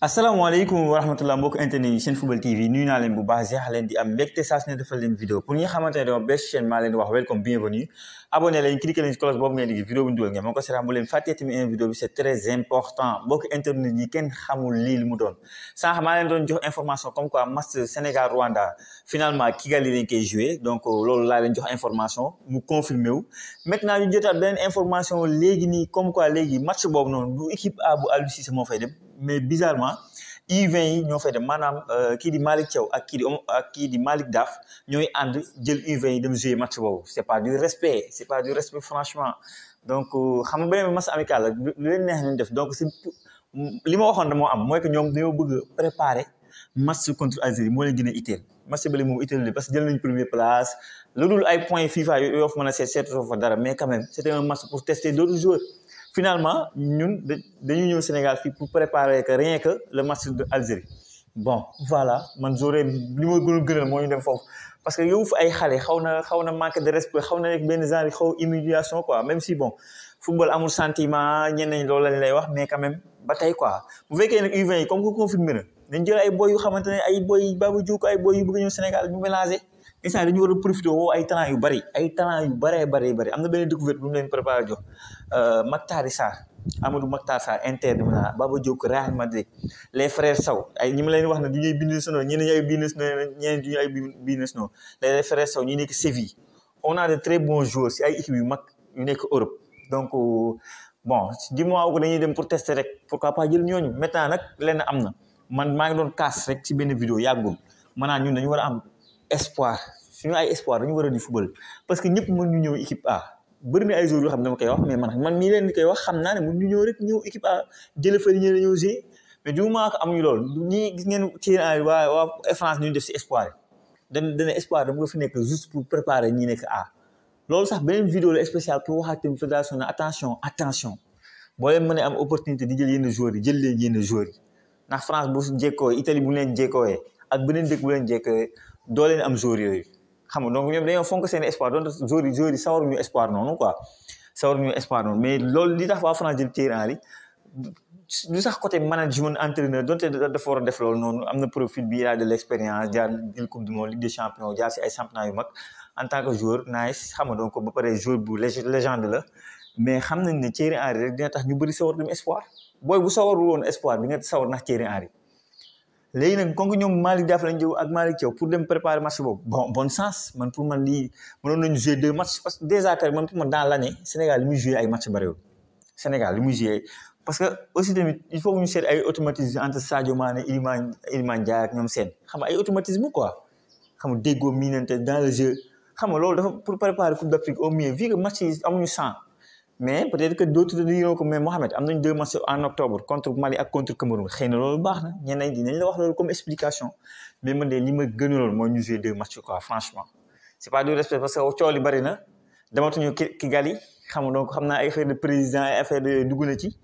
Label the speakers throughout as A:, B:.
A: asalaamaaleykum wa rahmatulah mbokk internet yi chaîne football tv nuyu na leen bu baax ziar leen di am mbégte saa ne defal leen vidéo pour ñi xamantene do bes chaîne ma leen wax welcome bienvenue abonné leen cliqué leen si cloche bobu ngeen di vidéo bu ñu dugal ngeen ma ko bu leen faté tamit une vidéo bi c'est très important mbokk internet yi ken xamul li mu doon sànq maa doon jox information comme quoi match Sénégal Rwanda finalement Kigali lañ koy joué donc euh, loolu la leen jox information mu confirmé wu maintenant ñu jotaat benen information légui ni comme quoi légui match bobu non bu équipe A bu Alusi mo fay dem mais bizarrement U20 yi ñoo fay dem maanaam euh, kii di Malik Thiaw ak kii di ak kii di Daf ñooy ànd jël U20 de dem jouer match boobu C'est pas du respect c'est pas du respect franchement donc euh, xam nga beneen bi match amical la leen neex def donc c'est li ma waxoon moo am moy que ñom dañu bëgg préparer match contre Algérie mo leen gën Itel. match bële moom itteel li parce que jël nañ première place lu dul ay points FIFA yoo fa mën sét seet dara mais quand même c'était un match pour tester d'autres joueurs finalement nous, dañuy ñëw Sénégal pour préparer rien que le match de Algérie bon voilà man parce que yow fu ay manque de respect xawna humiliation quoi même si bon football amul sentiment mais quand même ba quoi Vous U20 comme jël ay boy yu ay boy Sénégal instant dañu war a profité ay talent yu bari ay talent yu bëree bëri bëri am na benn découverte bu mu leen préparé jox euh, Mactari Sarr Amadou Mactar Sarr Inter de Milan Baba les frères Sow ay ñi ma leen wax ne du ñuy bind si noonu ñeneen ñi ay bind si noonu ñeneen du ñu ñu nekk Séville on a de très bons joueurs si ay équipes yu mag nekk Europe donc euh, bon du mois ko dem pour tester rek pourquoi pas jël ñooñu maintenant nag lenn am na man maa ngi doon kaas rek ci benn vidéo yàggul maanaam ñun dañu war a am. espoir suñu ay espoir dañu war a di football parce que ñëpp mën ñu ñëw équipe A bëri na ay joueurs yoo xam ne dama koy wax mais man man mii leen di koy wax xam naa ne ñu ñëw rek ñëw équipe A jëlee fa ñëw ñëw amuñu loolu ñii gis ngeen ci waa waa France ñu def si espoir dañ dana espoir dama ko fi nekk juste pour préparer ñi nekk loolu sax beneen vidéo la spéciale pour waxaat tamit fédération na attention attention boo leen mën am opportunité di jël yenn joueurs yi jël leen yenn joueurs yi ndax France bu jekkoo Italie bu leen jekkooyee ak beneen dëkk bu leen jekkooyee doole leen am joueurs yooyu xam nga donc ñoom dañoo fonk seen espoir donc sawar loolu li tax waa France jël Thierry sax côté management entraîneur donte dafa def loolu noonu am na profil bi yaa de l' expérience jaar jël coupe du monde ligue des champions jaar si ay championnat yu mag en tant que la mais xam nañ ne Thierry Henry tax ñu bëri sawar dem espoir booy bu sawarul woon espoir bi nga sawar léegi nag kon ñoom Malick Diaf lañ jëw ak Malick Thiaw pour dem préparer match boobu bon sens man pour man lii mënoon nañu jouer deux matchs parce que déjà kay man pour man dans l' Sénégal li ay match bariwul Sénégal li parce que aussi tamit il faut que ñu seet ay automatisme entre Sadio Mané Iliman Iliman Ndiaye ñoom seen xam nga ay automatisme quoi xam nga déggoo miinante dans le jeu xam nga loolu dafa pour préparer Coupe d'Afrique au mieux vu que match yi amuñu mais peut-être que d'autres diront que Mohamed am deux matchs en octobre contre Mali et contre Cameroun xëy na loolu baax na ñeneen dinañ la wax loolu comme explication mais man de li ma gënaloon mooy ñu jouer deux matchs quoi franchement. c'est pas du respect parce que coow li bari na dematuñu Kigali xam donc xam naa ay affaire de président ay affaire de dugg na ci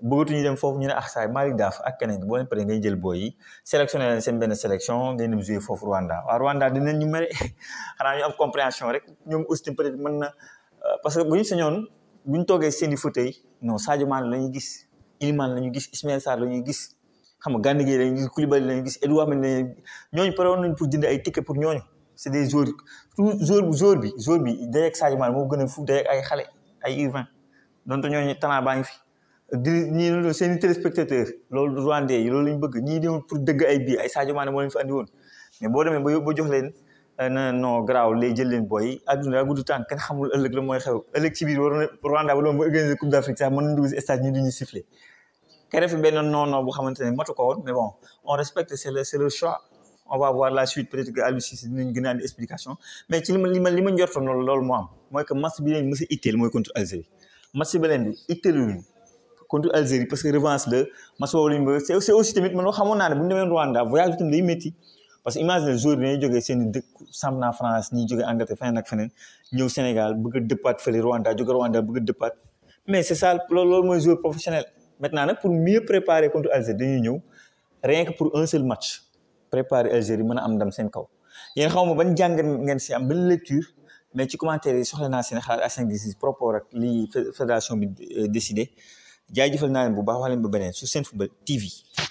A: bëggatuñu dem foofu ñu ne ah saay Mali daaf ak keneen boo leen paree ngay jël Boyi. yi sélectionné leen de sélection ngeen dem jouer Rwanda waaw Rwanda dinañ ñu mere xanaa ñu am compréhension rek ñoom aussi peut-être euh, parce que bu ñu sañoon. bu ñu toogee seen i fauteuil non Sadio la ñuy gis Iliman la ñuy gis Ismaël saa la ñuy gis xam nga Gana Gueye la ñuy gis Koulibaly la ñuy gis Edouard Mendy la ñuy ñooñu pare woon nañ pour jënd ay ticket pour ñooñu c'est des joueurs tout joueur joueur bi joueur bi dajeeg Sadio moo gën a fu dajeeg ay xale ay U20 donte ñooñu talent fi di ñii seen i téléspectateur loolu Rwandais yi loolu la ñu bëgg ñii ñëw pour dëgg ay bii ay Sadio Mané moo leen fi andi woon mais boo demee ba jox leen. na euh, non graw lay jël leen booy adduna daa gudd tànk kenn xamul ëllëg la moy xew ëllëg ci biir war Rwanda ba doon ba organiser coupe d'Afrique sax mën na dugg si stade ñu duñu siffler kay def benn non non bu xamante matu ko won mais bon on respecte c'est le c'est le choix on va voir la suite peut-être que Aliou Cissé dinañ gëna a andi explication mais ci li ma li ma li ma njortoon am moy que match bi leen mës itel moy contre Algérie match bi leen itel itteeluñu contre Algérie parce que revanche le match boobu lañ bëgg c'est aussi tamit man xamona xamoon naa ne bu ñu demee Rwanda voyage tamit day metti parce que imagine jour bi dañuy jógee seen i dëkk championnat France ñiy jógee Angleterre feneen ak feneen ñëw Sénégal bëgg a dëppaat fële Rwanda jóge Rwanda bëgg a dëppaat mais c'est ça loolu mooy joueur professionnel maintenant nag pour mieux préparer contre Algérie dañuy ñëw rien que pour un seul match préparer Algérie mën a am ndam seen kaw yéen xaw ma ban jàngat ngeen si am ban lecture mais ci commentaire yi soxla naa seen xalaat à 5 10 par rapport ak li fédération bi euh, décidé naa leen bu baax wax ba beneen sur Senfootball